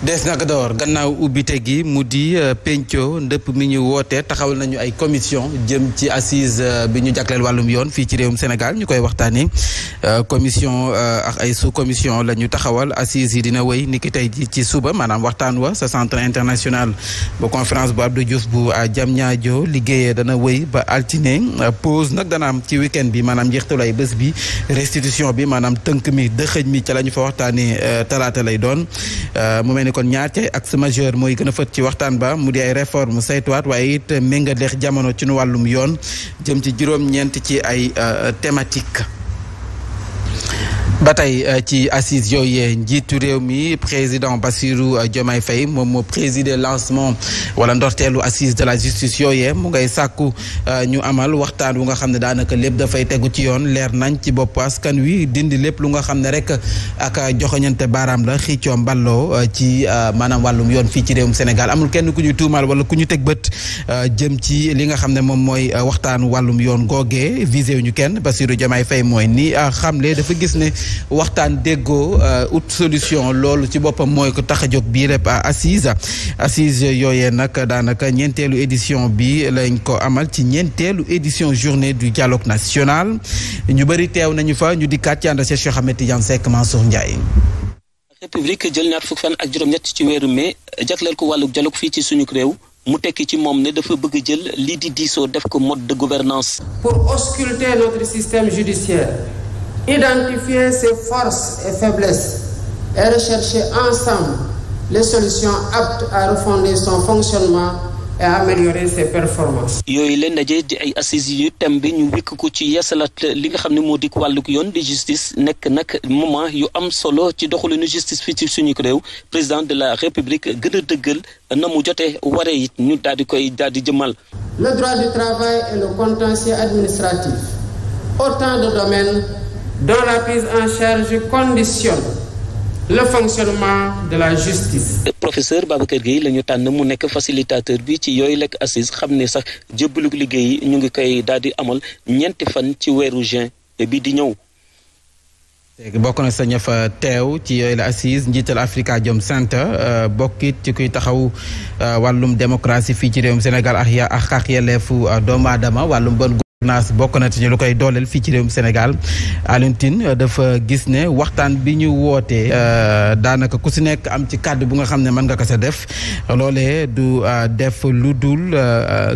des nag door gannaaw ubbite gi mu di euh, penco ndëpp mi ñu woote taxawal nañu ay commission jëm ci assise euh, bi ñu jagleel wàllum yoon fii ci réewum Sénégal ñu koy waxtaanee euh, commission ak ay sous commission la ñu taxawal assise yi dina woy niki tey ji ci suba maanaam waxtaan wa sa centre international bu conférence bu Abdou Diouf bu Diamniadio liggéeyee dana woy ba altine pose nag dana ci week bi maanaam njeextalu ay bés bi restitution bi maanaam tënk mi dëxëj mi ca la ñu fa waxtaanee talaata lay doon kon ñaar ci ay axe mooy gën a fët ci waxtaan ba mu di ay réforme saytuwaat waaye it méngaleex jamono ci nu wàllum yoon jëm ci juróom-ñeent ci ay euh, thématique ba tey euh, ci assise yooyu njiitu réew mi président Bassirou euh, Diomaye Faye moom moo présider lancement wala ndorteelu assise de la justice yooyu mu ngay sàkku euh, ñu amal waxtaan wu nga xam ne daanaka lépp dafay tegu ci yoon leer nañ ci bopp askan wi dindi lépp lu nga xam ne rek ak joxoñante baaraam la xiicoo mballoo ci maanaam wàllum yoon fii ci réewum Sénégal amul kenn ku ñu tuumaal wala ku ñu teg bët jëm ci li nga xam ne moom mooy waxtaan wàllum yoon googee visé wu ñu kenn Bassirou Diomaye Faye mooy ni waxtaan déggoo euh, ut solution loolu ci boppam mooy ko tax a jóg bii rek euh, assise assise yooyee nag daanaka ñeenteelu édition bi lañ ko amal ci ñeenteelu édition journée du dialogue national ñu bëri teew nañu fa ñu di kàcc ànd Cheikh Ahmed Tidiane Seck Mansour Ndiaye. république jël ñaar fukk fan ak juróom-ñett ci weeru mai jagleel ko wàllu dialogue fii ci suñu réew. mu tekki ci moom ne dafa bëgg jël lii di diisoo def ko mode de gouvernance pour ausculter identifier ses forces et faiblesses et rechercher ensemble les solutions aptes à refonder son fonctionnement et à améliorer ses performances. yooyu leen daje di ay assises yu thème bi ñu wékk ko ci yeesalaat li nga xam ne moo di wàllug yoon di justice nekk nag moment yu am solo ci doxalinu justice fii ci suñu réew président de la république gën a dëggal na mu jotee ware it ñu daal di koy daal di jëmal. le droit du travail et le contentieux administratif autant dont la prise en charge conditionne le fonctionnement de la justice. professeur Babacar Gueye la ñu tànn mu nekk facilitateur bi ci yooyu lekk assise xam ne sax jébbalug liggéey yi ñu ngi koy daal di amal ñeenti fan ci weeru juin bi di ñëw. bokk na sa ña teew ci yooyu la assise njiital Africa Jom Center euh, bokkit ci kuy taxaw euh, wàllum démocratie fii ci réewum Sénégal ak ya ak yelleefu euh, doomu aadama wàllum bon gouvernance bokk na ci lu koy dooleel fii ci réewum senegal Alioune euh, dafa gis ne waxtaan bi ñu wootee euh, daanaka ku si nekk am ci kàddu bu nga xam ne mën nga ko sa def loolee du euh, def lu dul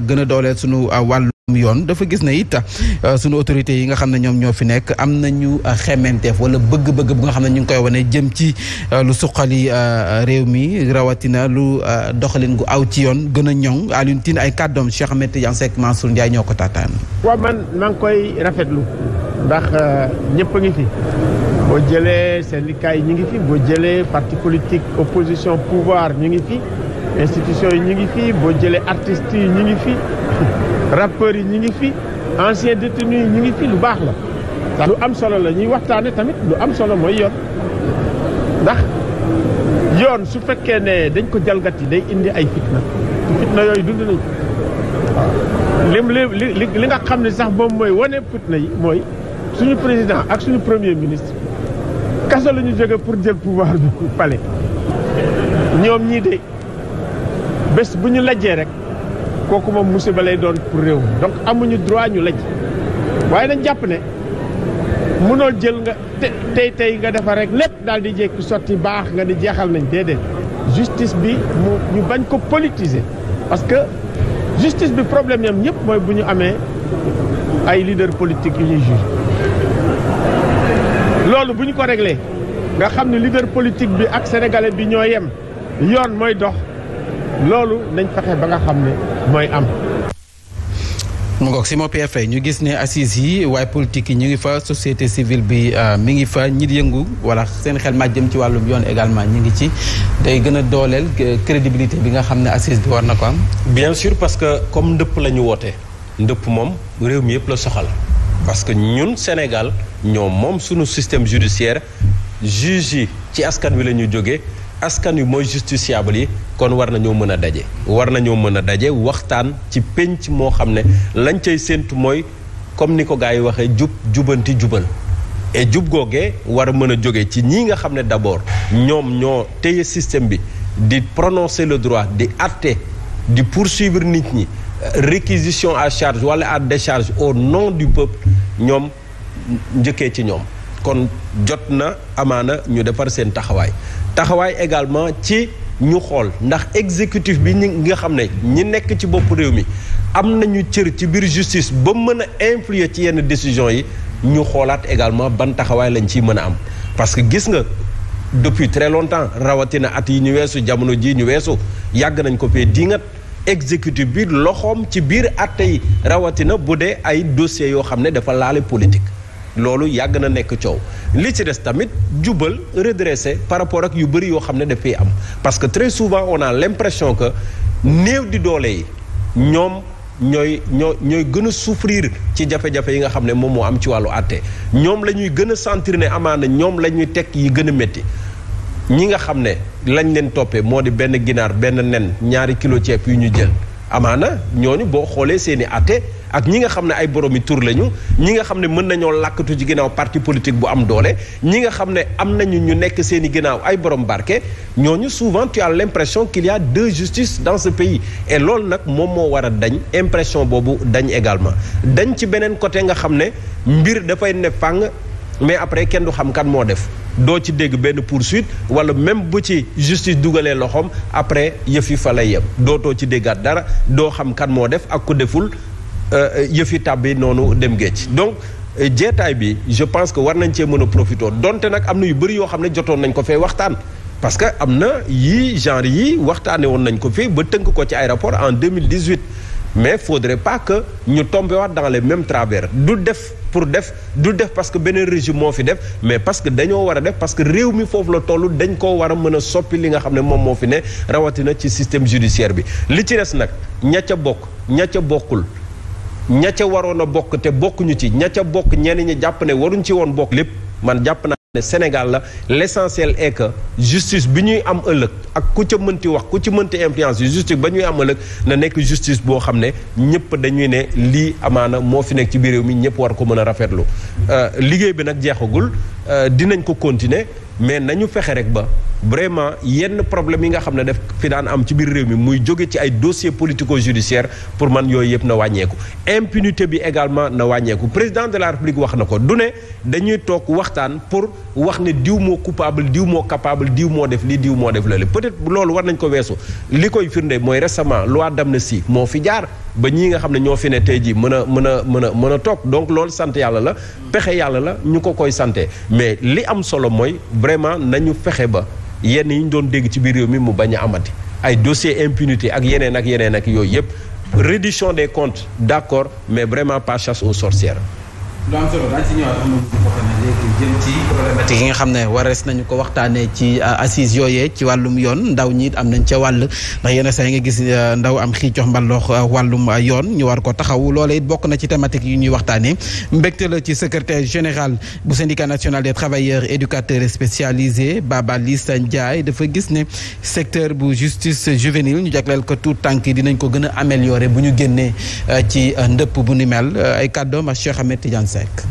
gën a dooleel sunu wàllu yoon dafa gis ne it euh, sunu autorités yi nga xam ne ñoom ñoo fi nekk am nañu euh, xementeef wala bëgg-bëgg bu nga xam ne ñu ngi koy wane jëm ci euh, lu suqali réew mi rawatina lu doxalin gu aw ci yoon gën a ñoŋ Alioune Tine ay kàddoom Cheikh Ahmed Tidiane Seck Mansour Ndiaye ñoo ko taataan. waaw man maa ngi koy rafetlu ndax ñëpp a ngi fi boo jëlee syndicat yi ñu ngi fi boo jëlee parti politique opposition pouvoir ñu ngi fi institution yi ñu ngi fi boo jëlee artistes yi ñu ngi fi. rappeurs yi ñu ngi fi anciens détenus yi ñu ngi fi lu baax la lu am solo la ñuy waxtaane tamit lu am solo mooy yoon ndax yoon su fekkee ne dañ ko jalgat yi day indi ay fitna fitna yooyu dund nañ lim li li nga xam ne sax moom mooy wane fitna yi mooy suñu président ak suñu premier ministre kaso lañu jóge pour jël pouvoir bi pale ñoom ñii de bés bu ñu lajjee rek kooku moom musiba lay doon pour réew mi donc amuñu droit ñu laj waaye dañ jàpp ne mënoo jël nga tey tey nga defar rek lépp daal di jékki sotti baax nga di jeexal nañ déedéet justice bi mu ñu bañ ko politiser parce que justice bi problème yam ñëpp mooy bu ñu amee ay leader politique yu ñuy juge loolu bu ñu ko réglé nga xam ne leader politique bi ak sénégalais bi ñoo yem yoon mooy dox loolu nañ fexe ba nga xam ne mooy am. mu ngoog si moo PFA ñu gis ne assises yi waaye politique yi ñu ngi fa société civile bi euh, mi ngi fa ñi yëngu wala seen xel ma ci wàllum yoon également ñu ngi ci day gën a dooleel euh, crédibilité bi nga xam ne assis bi war na ko am. bien sûr parce que comme ndëpp la ñu woote ndëpp moom réew mi yëpp la soxal parce que ñun Sénégal ñoom moom suñu système judiciaire juge yi ci askan wi la ñu jógee. askan wi mooy justiciable yi kon war nañoo mën a daje. war nañoo mën a daje waxtaan ci pénc moo xam ne lañ cay séentu mooy comme ni ko gars yi waxee jub jubanti jubal. et jub googee war a mën a jóge ci ñii nga xam ne d'abord ñoom ñoo téye système bi di prononcer le droit di àtte di poursuivre nit ñi réquisition à charge wala à décharge au nom du peuple ñoom njëkkee ci ñoom. kon jot na amaana ñu defar seen taxawaay taxawaay également ci ñu xool ndax exécutif bi ñi nga xam ne ñi nekk ci bopp réew mi am nañu cër ci biir justice ba mën a influer ci yenn décision yi ñu xoolaat également ban taxawaay lañ ciy mën a am parce que gis nga depuis très longtemps rawatina at yi ñu weesu jamono jii ñu weesu yàgg nañ ko fee ngat exécutif bi loxoom ci biir at tey rawatina bu dee ay dossiers yoo xam ne dafa laale politique loolu yàgg na nekk coow li ci des tamit jubal redressé par rapport ak yu bëri yoo xam ne dafay am parce que très souvent on a l'impression que néew di doole yi ñoom ñooy ñoo ñooy gën a souffrir ci jafe-jafe yi nga xam ne moom moo am ci wàllu àtte ñoom la ñuy gën a sentir ne amaana ñoom la ñuy teg yi gën a métti ñi nga xam ne lañ leen toppee moo di benn ginaar benn nen ñaari kilo ceeb yu ñu jël amaana ñooñu boo xoolee seeni àtte ak ñi nga xam ne ay boromi tur lañu ñi nga xam ne mën nañoo làkkatu ci ginnaaw parti politique bu am doole ñi nga xam ne am nañu ñu nekk seeni i ginnaaw ay borom barke ñooñu souvent tu as l'impression qu'il y a deux dans ce pays et loolu nag moom moo war a dañ impression boobu dañ également dañ ci beneen côté nga xam ne mbir dafay ne fàng mais après kenn du xam kan moo def doo ci dégg benn poursuite wala même bu ci justice dugalee loxoom après yëf yi fa lay yem dootoo ci déggaat dara doo xam kan moo def ak ku deful Euh, yëfi tàbbi noonu dem géej donc euh, jeetaay bi je pense que war nañ cee mën a profité donte nag am na yu bëri yoo xam ne jotoon nañ ko fee waxtaan parce que am na yii genre yii waxtaane woon nañ ko fii ba tënk ko ci aéroport en 2018 mais faudrait pas que ñu tombé waat dans les mêmes travers du def pour def du def parce que beneen régime moo fi def mais parce que dañoo war a def parce que réew mi foofu la tollu dañ koo war a mën a soppi li nga xam ne moom moo fi ne rawatina ci système judiciaire bi li ci des nag ña bokk ña bokkul ña ca waroon a bokk te bokkuñu ci ña ca bokk ñenn ñi jàpp ne waruñ ci woon bokk lépp man jàpp naa ne Sénégal la l'essentiel est que justice bi ñuy am ëllëg ak ku ca mënti wax ku ci mënti influence yi justice ba ñuy am ëllëg na nekk justice boo xam ne ñëpp dañuy ne lii amaana moo fi nekk ci biir mi ñëpp war ko mën a rafetlu euh, liggéey bi nag jeexagul euh, dinañ ko continuer mais nañu fexe rek ba vraiment yenn problème yi nga xam ne def fi daan am ci biir réew mi muy jóge ci ay dossier politico judiciaire pour man yooyu yëpp na wàññeeku impunité bi également na wàññeeku président de la république wax na ko du ne dañuy toog waxtaan pour wax ne diw moo coupable diw moo capable diw moo def lii diw moo def lële peut-être loolu war nañ ko weesu li koy firnde mooy récemment loi si moo fi jaar ba ñii nga xam ne ñoo fi ne tey jii mën a mën a mën a mën a toog donc loolu sant yàlla la pexe yàlla la ñu ko koy sante mais li am solo mooy vraiment nañu fexe ba yenn yi ñu doon dégg ci biir réew mi mu bañ amati ay dossier impunité ak yeneen ak yeneen ak yooyu yëpp reddition des comptes d'accord mais vraiment pas chasse aux lu am yi nga xam ne warees nañu ko waxtaanee ci euh, assise yooyee ci wàllum yoon ndaw ñi am nañ ca wàll ndax yenn saa yi nga gis euh, ndaw am xiicox mballoox euh, wàllum yoon ñu war ko taxaw loola it bokk na ci thématique yi ñuy waxtaanee mbégte la ci secrétaire général bu syndicat national des travailleurs éducateurs spécialisés Baba Lissa Ndiaye dafa gis ne secteur bu justice juvénile ñu jagleel ko tout tànk dinañ ko gën a améliorer bu ñu génnee ci ndëpp bu ni ay kàddoom ak Cheikh Seck